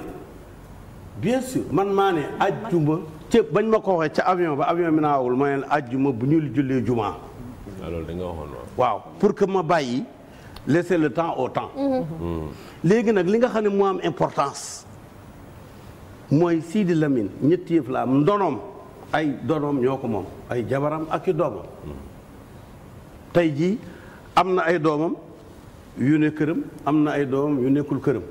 Speaker 1: bien sûr man maa ne ajjuma. ceeb bañ ma ko waxee ca avion ba avion bi awul ma ne juma bu ñu jullee juma alors da nga waaw pour que ma bàyyi laisser le temps au temps. Mm-hmm. Hmm. léegi nag li nga xam ne moo am importance mooy Sidi Lamine ñetti yëf la am ndonoom ay donoom ñoo ko moom ay jabaram ak i doomam. Hmm. tey jii am na ay doomam yu ne këram am na ay doomam yu nekkul këram.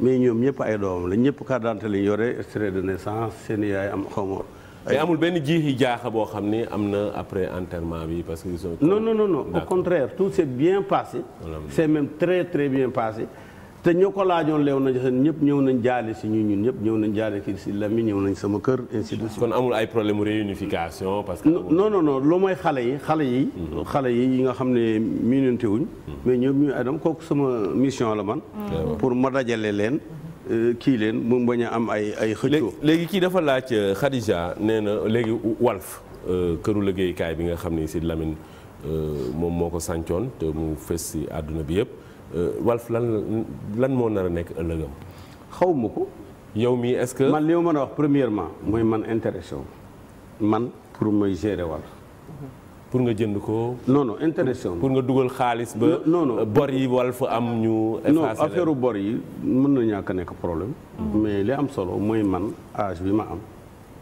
Speaker 1: mais ñoom ñëpp ay doomam la ñëpp carte d'identité lañ yore extrait de naissance seen yaay am xaw ma amul benn jiixi jaaxa boo xam ni am na après enterrement bi parce que. non non non non au contraire tout s'est bien passé. c'est même très très bien passé. te ñoo ko laajoon leew nañ seen ñëpp ñëw nañ jaale si ñu ñun ñëpp ñëw nañ jaale kii si lami ñëw nañ sama kër ainsi de suite kon amul ay problème réunification parce que non non non loo mooy xale yi xale yi mhm. xale yi yi nga xam ne miinante wuñ mhm. mais ñoom ñu adam kooku sama mission la man mhm. pour ma dajale leen euh, kii leen mu bañ a am ay ay xëccoo léegi kii dafa laaj euh, Khadija nee na léegi Walf euh, këru liggéeykaay bi nga xam ne Sidy Lamine moom moo ko sàncoon te mu fes si àdduna bi yëpp Euh, Walf lan lan moo nar a nekk ëllëgam. xaw ma ko. yow mii est-ce que. man li ma mën a wax premièrement. mooy man intéressant man pour may gérer Walf. pour nga jënd ko. noonu non intéressant pour nga dugal xaalis ba. non bor yi Walf am ñu. effacé non affaire yi mën na ñàkk a nekk problème. Mm-hmm. mais li am solo mooy man âge bi ma am.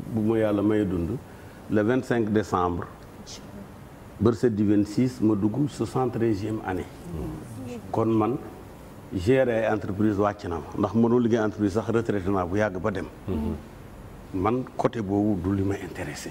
Speaker 1: bu ma yàlla may dund le 25 décembre. bërse di 26 ma dugg 73e année. Mm. kon man gérer ay entreprise wàcc na ma ndax mënoo liggéey entreprise sax retraité naa bu yàgg ba dem mm-hmm. man côté boobu du li ma intéressé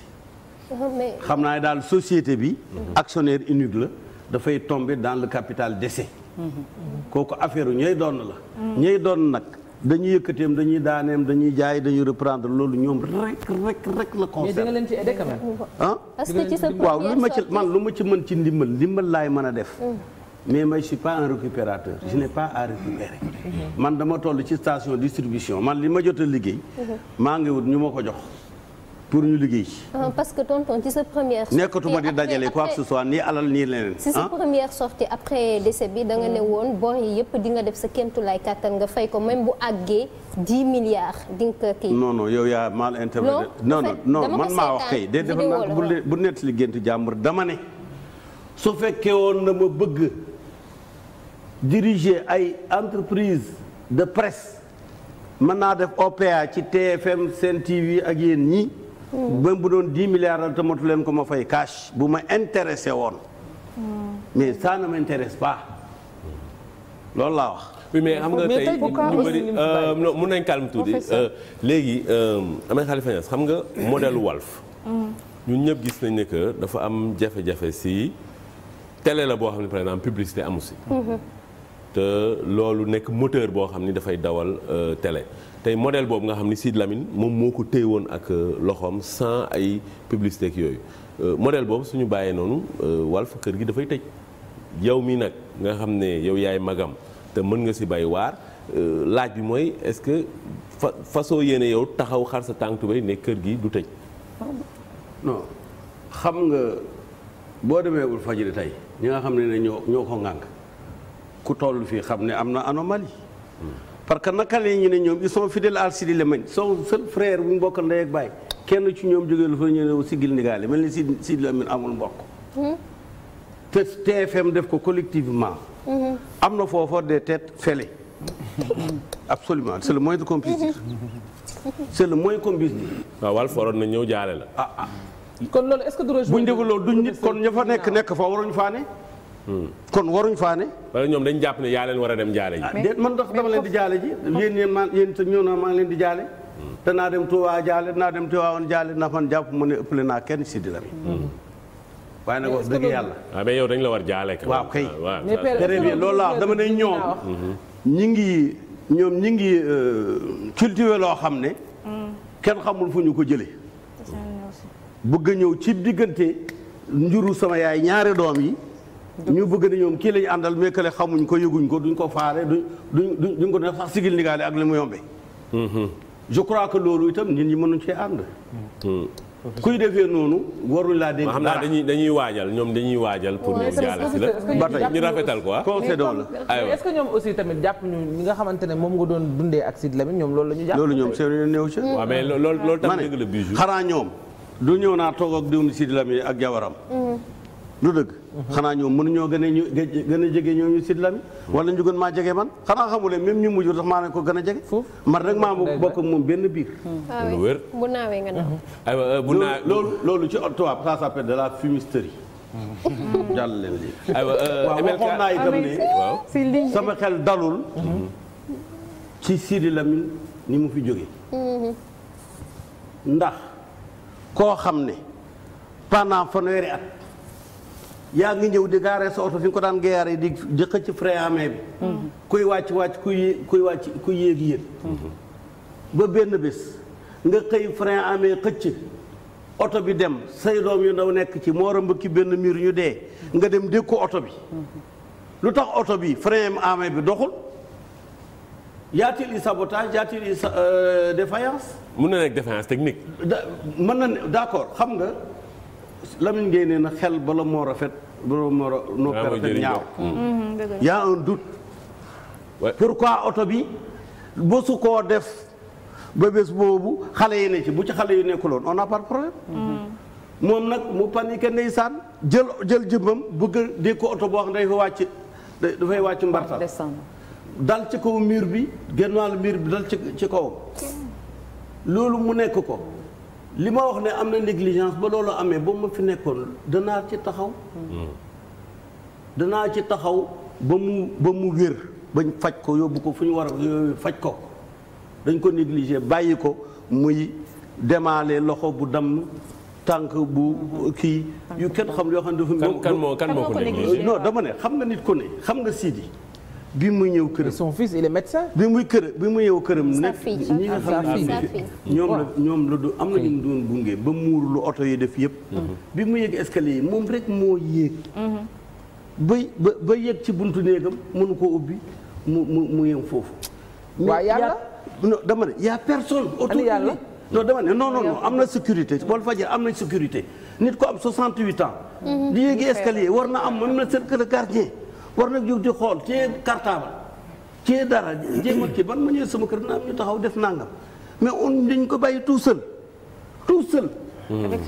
Speaker 1: uh-huh, xam naa ne daal société bi mm-hmm. actionnaire unique la dafay tombe dans le capital décès
Speaker 8: mm-hmm.
Speaker 1: kooku affaire ñooy doon la ñooy doon nag dañuy yëkkateem dañuy daaneem dañuy jaay dañuy reprendre loolu ñoom rek rek rek la concerne. da nga leen ci ah? waaw lu ma ci man lu ma ci mën ci ndimbal ndimbal laay mën a def. Mm. mais ma je suis pas un récupérateur je n'ai pas à récupérer man dama toll ci station distribution man li ma jot a liggéey maa ngi wut ñu ma ko jox pour ñu liggéey
Speaker 5: ah, parce que tonton ci sa première sortie nekkatuma di dajale ko que ce
Speaker 1: soit ni alal nii leneen ci sa ah?
Speaker 5: première sortie après décès bi danga ne woon bor yi yëpp di nga def sa kéemtulaay kàttan nga fay ko même bu àggee 10 milliards di nga kii non
Speaker 1: non yow yaa mal interprété non man maa wax kay dee defal naa bu dama ne su bëgg diriger ay entreprise de presse mën naa def OPA ci TFM seen TV ak yéen ñi même bu doon dix milliards te motu leen ko ma fay cash bu ma intéressé woon. mais ça ne m'intéresse pas loolu laa wax. mais xam nga tey ñu bëri euh, mun nañ calme tuuti euh, léegi euh, Ahmed Khalifa Niass xam nga modèle Walf. ñun ñëpp gis nañ ne que dafa am jafe-jafe si tele la boo xam ne par exemple publicité amu si. Mhm. te loolu nekk moteur boo xam ni dafay dawal euh, télé tey modèle boobu nga xam ni Sidy Lamine moom moo ko téye woon ak euh, loxoom sans ay publicité ak yooyu euh, modèle boobu suñu bàyyee noonu fa kër gi dafay tëj yow mi nag nga xam ne yow yaay magam te mën nga si bay waar laaj bi mooy est-ce que fa façon yéene yow taxaw xar sa tànk tubéy ne kër gi du tëj. non xam nga boo demee wul fajiri tey ñi nga xam ne ñoo ñoo ko ŋànk ku toll fii xam ne am na anomalie parce que naka la ñu ne ñoom ils sont fidèles à Sidi Lamine son seul frère bu mbokk ndey ak baay kenn ci ñoom jógee lu fa ñëw sigil ndigaale mel ni Sidi Sidi Lamine amul TFM hmm. def ko collectivement hmm. am na foofa des le moins de qu'on puisse dire c'est le moins qu'on puisse na ñëw jaale la ah ah kon loolu est-ce que duñ nit kon ña fa nekk nekk fa waruñ faa ne kon waruñ faa ne. wala ñoom dañ jàpp ne yaa leen war a dem jaale ji. Ah, man ndax dama leen di jaale ji yéen yéen maa yéen itam na maa ngi leen di jaale. Hmm. te naa dem Touba jaale naa dem Tivaouane jaale ndax fan jàpp ma ne ëppale naa kenn si di la. Hmm. waaye nag wax dëgg yàlla. Ah, mais yow dañ la war jaale. waaw kay très ah, bien loolu laa wax dama ne ñoom. ñi ngi ñoom ñi ngi euh, cultivé loo xam ne. Hmm. kenn xamul fu ñu ko jëlee. bëgg ñëw ci diggante njuru sama yaay ñaari doom yi. ñu bëgg ne ñoom kii lañu àndal mais que xamuñ ko yëguñ ko duñ ko faare duñ duñ duñ ko ne sax sigil ndigaale ak li mu yombe mm-hmm. je crois que loolu itam nit ñi mënuñ cee ànd mm-hmm. kuy defee noonu waruñ laa dégg. xam naa dañuy dañuy waajal ñoom dañuy waajal. pour ñu la ba ñu rafetal quoi. concédons la aywa
Speaker 6: tamit jàpp ñu ñi nga xamante ne moom nga doon dundee ak Sidy ñoom loolu la ñu jàpp. loolu ñoom seen néew ci. waaw mais loolu loolu tamit dëgg
Speaker 1: la bijou. xanaa ñoom du naa toog ak diwum Sidy Lamine ak jabaram. Mm-hmm. lu dëgg. xanaa ñoom mënuñoo gën a ñu gën a jege ñoom ñu Sidy Lamine. wala ñu maa jege man xanaa xamule même ñu mujj tax maa ne ko gën a jege. man nag maa bokk ak moom benn biir. Ah
Speaker 5: ah
Speaker 1: mhm. euh, lu loolu ci tubaab de la fumisterie. Mhm. jàll leen lii. aywa euh, waaw waxoon naa itam ah ne sama xel dalul. Mhm. ci Sidy Lamine ni mu fi jóge ndax koo xam ne pendant fanweeri at. yaa ngi ñëw di gaaree sa oto fi nga ko daan gaaree di di xëcc frein à bi. kuy wàcc wàcc kuy kuy wàcc kuy yéeg yéeg. ba benn bés nga xëy frein à xëcc oto bi dem say doom yu ndaw nekk ci moo rëmb ki benn miir ñu dee nga dem dégg ko oto bi. lu tax oto bi frein ame bi doxul. y a-t-il eu sabotage y a t euh, mun na nekk défaillance technique. da mën na ne d'accord xam nga. Lamine Gueye nee na xel bala moo rafet bala moo ah, noo rafet ñaaw y
Speaker 8: mm-hmm. mm-hmm, a
Speaker 1: un doute oto bi bësu koo def ba bés boobu xale yi ne ci bu ci xale yu nekkuloon on n'a pas de problème
Speaker 8: mm-hmm.
Speaker 1: moom nag mu paniqué ndeysaan jël jël jëmbam bu a dégg ko oto boo xam ne day fa wàcc dafay wàcc mbartal dal ci kaw miir bi genn wàllu mur bi dal ci ci kawam loolu mu nekk ko li ma wax ne am na négligence ba loolu amee ba ma fi nekkoon danaa ci taxaw danaa ci taxaw ba mu ba mu wér bañ faj ko yóbbu ko fu ñu war a faj ko dañ ko négligé bàyyi ko muy demaale loxo bu dam tànk bu kii yu kenn xam yoo xam ne dafa kan moo ko négligé non dama ne xam nga nit ko ne xam nga siidi bi muy ñëw këram son fils il muy kër bi muy ñëw këram. nekk ñi nga xam ne ñoom la ñoom am na ñu doon gunge ba muur lu oto def yëpp. Mhm. bi mu yëg escalier moom rek moo yéeg. Mhm. ba ba ba yéeg ci buntu néegam mënu koo ubbi mu mu mu yem foofu. waaw yàlla non dama ne a personne. autour yàlla non dama ne non non non am na sécurité bool fajar am na sécurité nit ko am 68 ans.
Speaker 8: Mhm. di yéegi escalier war na am même na
Speaker 1: cercle de gardien. war nag jóg di xool cee cartable cee dara jéem a kii ban ma ñëwee sama kër na am ñu taxaw def nangam mais on dañ ko bàyyi tout seul tout seul. Mmh. avec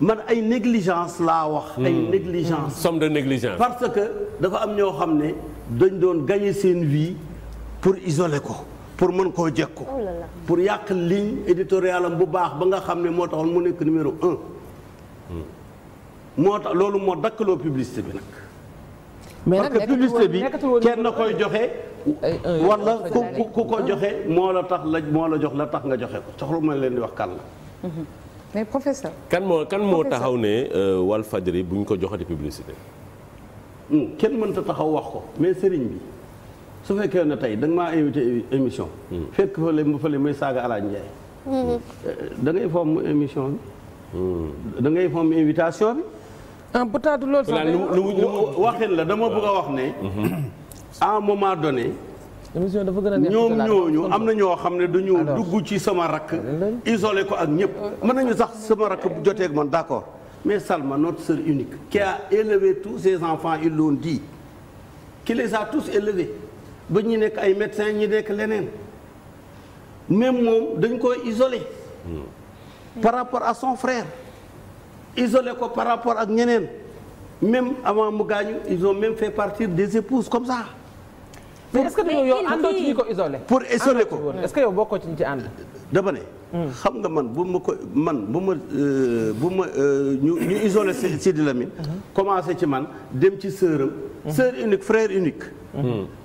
Speaker 1: man ay négligence laa wax. Mmh. ay négligence. somme de négligence. parce que dafa am ñoo xam ne dañ doon gagner seen vie pour isoler ko pour mën koo jekku oh pour yàq li éditoriale am bu baax ba nga xam ne moo taxoon mu nekk numéro un. Mmh. moo tax loolu moo dakkaloo publicité bi nag. mais parce que publicité bi kenn koy joxe. wala ku ku ko joxe moo la tax la moo la jox la tax nga joxe ko soxla ma leen di wax kan la. Mhm. mais professeur. kan moo kan moo taxaw ne wal euh, Walfadjri bu ñu ko joxati publicité. Hmm, kenn mën mënta taxaw wax ko mais sëriñ bi su fekkee ne tey da nga maa invité émission. Hmm. fekk fële mu fële muy saaga Alaaji Ndiaye. Hmm. Euh, da ngay fomm émission bi. da ngay fomm invitation bi. ah butaatu loolu sax waxin la dama bëgg a wax ne. à un moment donné. émission dafa gën a neex ñoom ñooñu am na ñoo xam ne dañu dugg ci sama rakk. isolé ko ak ñëpp. Euh, mën nañu sax sama rakk bu jotee ak man d' accord mais Salma notre sœur unique. qui a élevé tous ses enfants ils l'ont dit. qui les a ba ñu nekk ay médecins ñu nekk leneen même moom dañ koy isolé.
Speaker 8: Hmm.
Speaker 1: par rapport à son frère. isolé ko par rapport ak ñeneen même avant mu gaañu ils ont même fait partir des épouses comme sax
Speaker 6: mais est-ce que ko isolé. pour isolé ko est-ce que yow bokkoo ci ñi ci ànd. dama
Speaker 1: hmm. xam nga man bu ma ko man bu ma euh, bu ma euh, ñu ñu isolé Sidi Lamine. Hmm. commencé ci man dem ci sœuram. Hmm. sœur unique frère unique.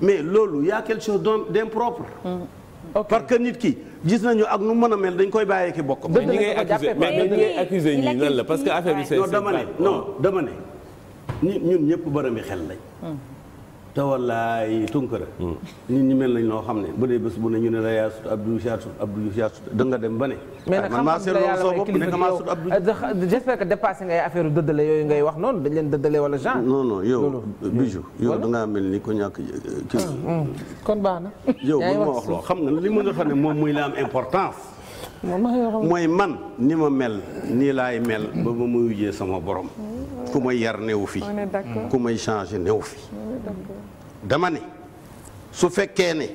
Speaker 1: mais loolu y a quelque chose d'im d'impropre. parce que nit ki gis nañu ak nu mën a mel dañ koy bàyyee ki bokk. mais ñi ngay accusé mais ñi ngay accusé ñi nan parce que affaire bi. c'est non dama ne non dama ne ñun ñëpp borom xel lañ. Hmm. te wallaay tunkara hmm. nit ñi mel nañ noo xam ne bu dee bés bu ne ñu ne la yaa sut Abdou yaa sut Abdou yaa sut da nga dem ba ne mais nag ah, xam nga yàlla may kilifa yow
Speaker 6: ah, j'espère que dépassé ngay affaire dëddale yooyu ngay wax
Speaker 1: da ngaa mel ni ko ñàkk euh, kii ah,
Speaker 6: hmm. kon baax na yow bu ma wax loo
Speaker 1: xam nga li mën a xam ne moom muy la am importance
Speaker 6: mooy
Speaker 1: man ni ma mel nii laay mel ba mu ma wujjee sama borom ku may yar new fi ku may changé new fii dama ne su fekkee ne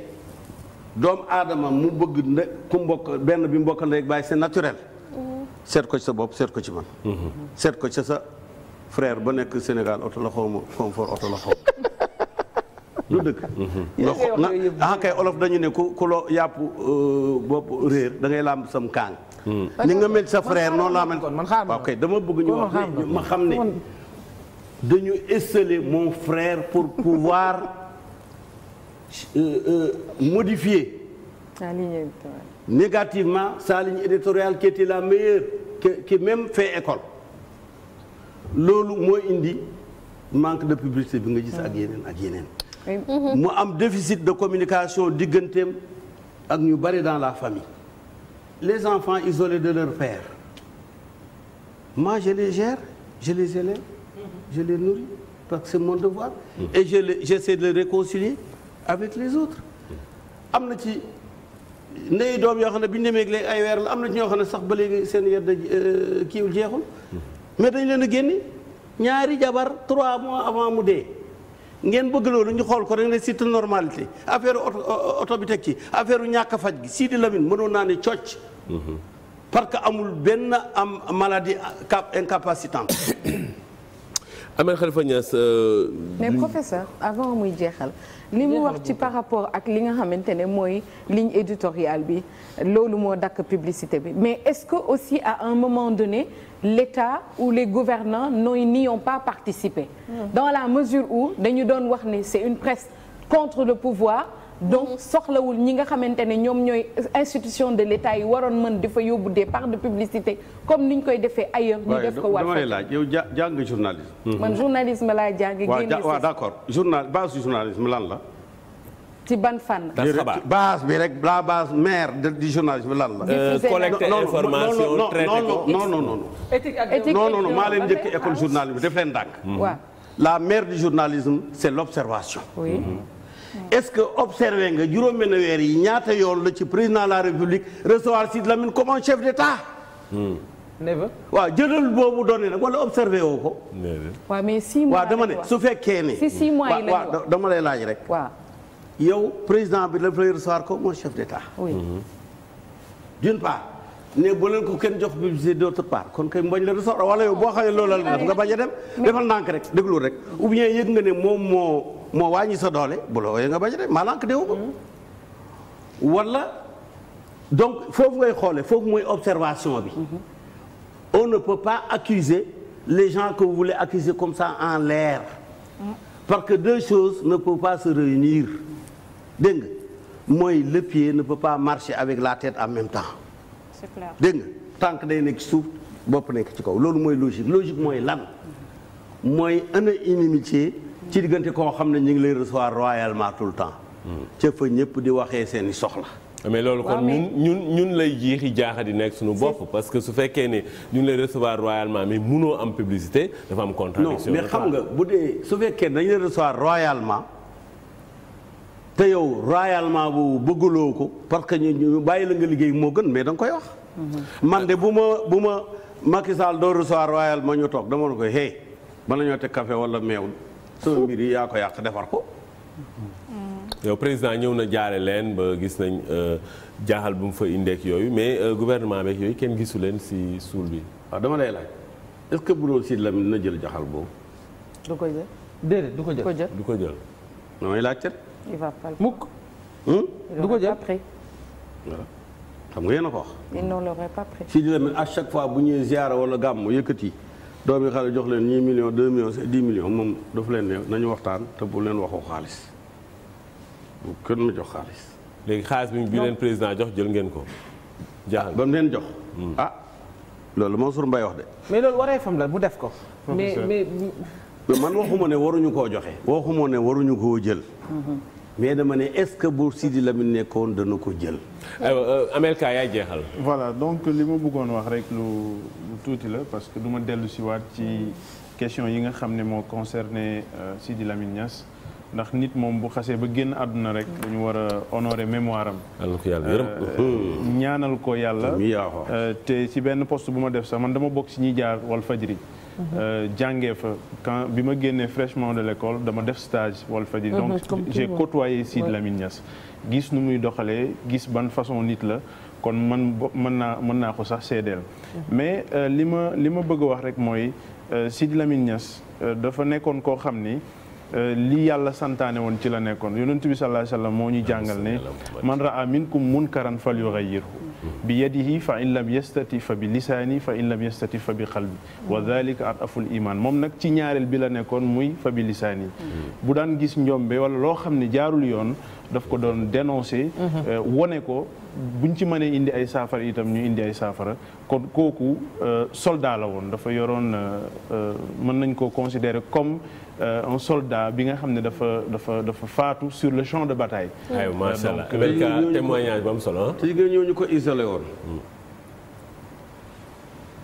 Speaker 1: doomu aadama mu bëgg ne ku mbokk benn bi mbokk na rek bàyyi c'est naturel seet ko sa bopp seet ko ci man mhm. seet ko ci sa frère ba nekk Sénégal oto la xaw ma confort oto la xaw lu dëkk. Mm-hmm. ah kay olof dañu ne ku ku loo yàpp euh, bopp réer da ngay làmb sam kaang. Mm. ni nga mel sa frère noonu laa mel kon ok dama bëgg ñu wax ma xam ne dañu installer mon frère pour pouvoir euh, euh,
Speaker 6: modifier.
Speaker 1: négativement sa ligne éditoriale qui était la meilleure qui même fait école loolu moo indi manque de publicité bi nga gis ak yeneen ak yeneen
Speaker 2: Mm-hmm. mu
Speaker 1: am déficit de communication digganteem ak ñu bari dans la famille les enfants isolés de leur père moi je les gère je les élève mm-hmm. je les nourris parce que c'est de devoir mm-hmm. et je les j'essaie de les réconcilier avec les autres am na ci ndey doom yoo xam ne bi ñu demee léegi ay weer la am na ci ñoo xam ne sax ba léegi seen yedd euh, kiiwul jeexul mais dañ leen a génne ñaari jabar trois mois avant mu dee ngeen bëgg loolu ñu xool ko rek ne c'est normalité affaire oto euh, euh, bi teg ci affaire ñàkk faj gi Sidi Lamine mënoon naa ne cocc. Mhm. parce que amul benn am maladie incapacitante. Amel Khalifa Niass. Euh, mais professeur
Speaker 2: avant muy jeexal. li mu wax ci par rapport ak li nga xamante ne mooy ligne éditoriale bi loolu moo dakk publicité bi mais est-ce que aussi à un moment donné l'État ou les gouvernants n'y ont pas participé hmm. dans la mesure où dañu doon wax ne c'est une presse contre le pouvoir donc soxlawul ñi nga xamante ne ñoom ñooy institution de l'État yi waroon mën di fa yóbbu des parts de publicité comme ni ñu koy defee ailleurs. ñu def ko war damay
Speaker 1: laaj yow ja jàng nga journalisme. man mhm.
Speaker 2: journalisme laa
Speaker 1: jàng. génne waaw d'accord journal base du journalisme lan la. ci ban fànn. base bi rek la base maire du journalisme lan la. Euh, collecter information traiter ko non non non.
Speaker 6: éthique ak non non non maa leen njëkk
Speaker 1: def leen dàkk. waaw la maire du journalisme c'est l'observation. oui. Mhm. est-ce que observé nga juróom-benn weer yi ñaata yoon la ci président la république recevoir Sidy la comme un chef d'État. Hmm. never jëlal boobu doon nag wala observé woo ko. waaw mais six mois waaw dama ne su fekkee ne. si six mois la dama lay laaj rek. waaw yow président bi daf lay recevoir comme un chef d'État. oui hmm. d'une part. ne bu leen ko kenn jox publicité d'autre part kon kay mbañ la recevoir wala yow boo xamee loolal nga bañ a dem. defal ndànk rek déglu rek ou bien yëg nga ne moom moo. moo waa ñi sa doole bu la wooyee nga bañ rek malank dewu ko wala donc foofu ngay xoolee foofu mooy observation bi on ne peut pas accuser les gens que accuser comme ça en leer parce que deux choses ne peuvent pas se réunir dégg nga mooy le pied ne peut pas marcher avec la tête en même temps c'est clair dégg nga tànk day nekk suuf bopp nekk ci kaw loolu mooy logique logique mooy lan mooy ana inimitié ci diggante koo xam ne ñu ngi lay recevoir royalement tout le temps. ca fa ñëpp di waxee seeni soxla. mais loolu kon ñun ñun ñun lay jiixi jaaxa di nekk suñu bopp. parce que su fekkee ne ñu ngi lay recevoir royalement mais munoo am publicité dafa am contradiction. non mais xam nga bu dee su fekkee dañu lay recevoir royalement. te yow royalement bu bëgguloo ko parce que ñu bàyyi la nga liggéey moo gën mais danga koy wax. Mhm. man de bu ma bu ma Macky Sall doo recevoir royalement ñu toog dama la koy hey bala ñoo teg café wala meew. sama mbir yi yaa ko yàq defar ko.
Speaker 8: Mm.
Speaker 1: yow président ñëw na jaare leen ba gis nañ euh, jaxal bu mu fa indeek yooyu mais euh, gouvernement beeg yooyu kenn gisu leen si suul bi. waaw ah, dama lay laaj est-ce que bu doon si Lamine na jël jaxal boobu. du ko jël déedéet du ko jël du ko jël. damay laajte.
Speaker 2: il mukk. du ko jël hmm?
Speaker 1: voilà xam nga yéen a ko wax.
Speaker 2: il ne l'aurait pas pris.
Speaker 1: si à chaque fois bu ñuy ziara wala gàmm yëkkati. doomi xale jox leen ñii million deux millions c'est dix millions moom dafa leen ne nañu waxtaan te bu leen waxoo xaalis bu kenn ma jox xaalis. léegi xaalis bi bi leen président jox jël ngeen ko. jaaxal ba mu leen jox. Hmm. ah loolu Mansour Mbaye wax de.
Speaker 6: mais loolu waree fam la bu def ko. mais mais.
Speaker 1: man waxuma ne waruñu koo joxe. waxuma ne waruñu koo jël. Hmm. mais dama ne est-ce que bu Sidi Lamine nekkoon dana ko jël. Euh, euh, Amelka yaay jeexal.
Speaker 3: voilà donc li ma bëggoon wax rek lu tuuti la parce que duma dellu si waat ci question yi nga xam ne moo concerné euh, Sidi Lamine Niass ndax nit moom bu xasee ba génn àdduna rek dañu war a honorer mémoire am. ñaanal ko yàlla. te ci benn poste bu ma def sax man dama bokk si ñi jaar wal Walfadjri Euh, jàngee fa quand bi ma génnee fraîchement de l'école dama def stage Walfadjri mhm, donc j'ai waaye Sidy Lamine Niass gis nu muy doxalee gis ban façon nit la kon man mën naa mën naa ko sax seedeel mhm. mais euh, li ma li ma bëgg a wax rek mooy euh, Sidy Lamine Niass dafa nekkoon koo xam ni Euh, li yàlla santaane woon ci la nekkoon yonent bi sallallahu alayhi wa moo ñu jàngal ne man raa minkum munkaran falyughayyirhu bi yadihi fa in lam yastati fa bi lisaani fa in lam yastati fa bi qalbi wa dhalika moom nag ci ñaareel bi la nekkoon muy fa bi mm-hmm. bu daan gis njombe wala loo xam ne jaarul yoon daf ko doon dénoncé mm-hmm. euh, wone ko buñ ci mënee indi ay saafara itam ñu indi ay saafara kon kooku euh, soldat la woon dafa yoroon mën nañ ko considérer comme Euh, un soldat bi nga xam ne dafa dafa dafa faatu sur le champ de bataille. aywa euh, macha allah euh,
Speaker 1: solo ci nga ñoo ñu ko isolé woon. Hmm.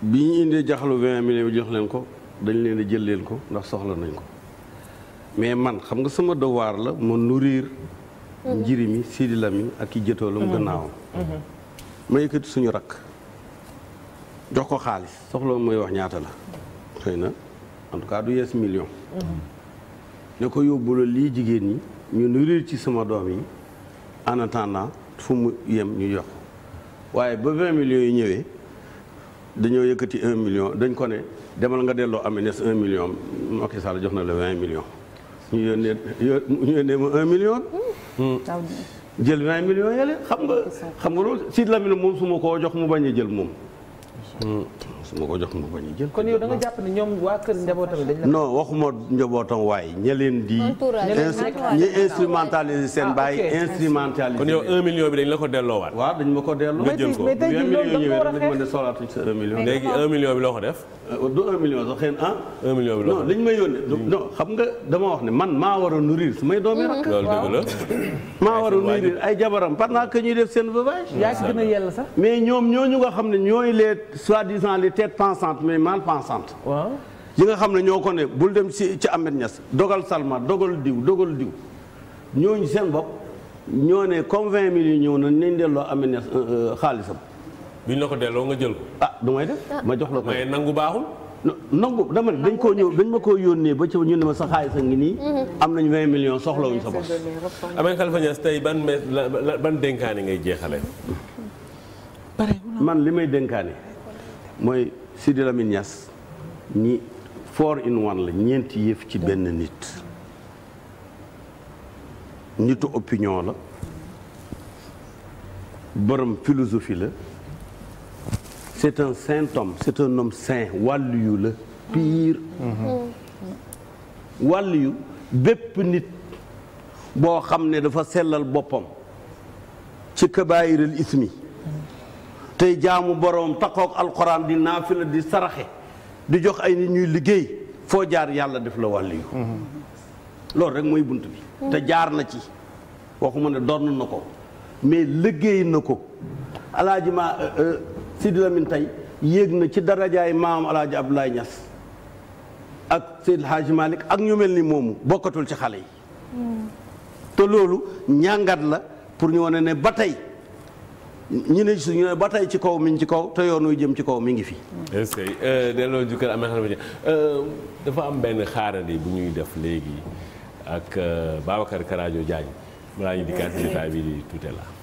Speaker 1: bi ñu indee jaxalu 20 jox leen ko dañ leen di jël leen ko ndax soxla nañ ko mais man xam nga sama devoir la ma nourrir. Hmm. njiri mi Sidi Lamine ak ki jëtoolam hmm. gannaawam. ma yëkkati suñu rakk jox ko xaalis soxla mooy wax ñaata la xëy na. en tout cas du yees million ne ko yóbbula lii jigéen ñi ñu nourrir ci sama doom yi en attendant fu mu yem ñu jox waaye ba vingt millions yi ñëwee dañoo yëkkati un million dañ ko ne demal nga delloo Aménès un million Macky Sall jox na la vingt million ñu yónnee ñu yónnee ma un million jël vingt
Speaker 6: millions yële xam nga
Speaker 1: xam nga loolu si Lamine moom suma ma koo jox mu bañ jël moom su ma ko jox mu ko a jël. kon yow da
Speaker 6: jàpp ni ñoom waa kër njabootam dañ la.
Speaker 1: non waxuma njabootam waaye ña leen di. ñi instrumentaliser seen ah, bàyyi. instrumentaliser kon yow 1 million bi dañ la ko delloowaat. waaw dañ ma ko delloo. nga jël a jël ko mais tey jii loolu da nga ko war léegi 1 million bi loo ko def. Euh, du 1 million sax xëy na ah. 1 million bi mm. xam nga dama wax ne man maa waroon nourrir su may doomi rakk. Mm-hmm. loolu dëgg la. maa waroon nourrir ay jabaram pendant que ñuy def seen veuvage. Mm-hmm. yaa ci gën a yell sax. mais ñoom ñooñu nga xam ne ñooy les soi-disant les têtes pensantes mais mal pensantes. waaw yi nga xam ne ñoo ko ne bul dem ci ci Ahmed Niass dogal Salma dogal diw dogal diw ñooñu seen bopp ñoo ne comme 20 millions ñëw na nañ delloo Ahmed Niass euh, euh, xaalisam. duñ la ko delloo nga jël ko. ah du may def ah. ma jox la ko. mais nangu baaxul. nangu dama dañ koo ñëw dañ ma koo yónnee ba ci ñu ne ma sa xaalis a ngi nii. Mm-hmm. am nañ 20 millions soxlawuñ sa bopp. Ahmed Khalifa Niass tey ban ban dénkaane ngay jeexale man li may dénkaane mooy Sidi Lamine Niass ñi four in one la ñeenti yëf ci benn nit. nitu opinion la borom philosophie la. c'est un saint homme c'est un homme saint wàlliyu la
Speaker 6: pire. Mm-hmm.
Speaker 1: wàlliyu bépp nit boo xam ne dafa sellal boppam ci kabaayiral ismi tey jaamu boroom takkook alxuraan di naafila di saraxe di jox ay nit ñuy liggéey foo jaar yàlla def la wàlliyu mm-hmm. loolu rek mooy bunt bi mm-hmm. te jaar na ci waxuma ne donn na ko mais liggéey na ko alaaji euh, euh, Sidi Lamine tey yéeg na ci darajaay maam alaaji Abdoulaye ñas ak Seydi Hadji Malick ak ñu mel ni moomu bokkatul ci xale yi te loolu ñàngat la pour ñu wane ne ba tey ñu ne suñu ne ba tey ci kaw mi ci kaw te yoonuy jëm ci kaw mi ngi fii est euh, delloo jukkal amee xarala dafa am benn xaaral yi bu ñuy def léegi ak euh, Babacar Karajo Diagne balaa ñu dikkaat bi di tuute la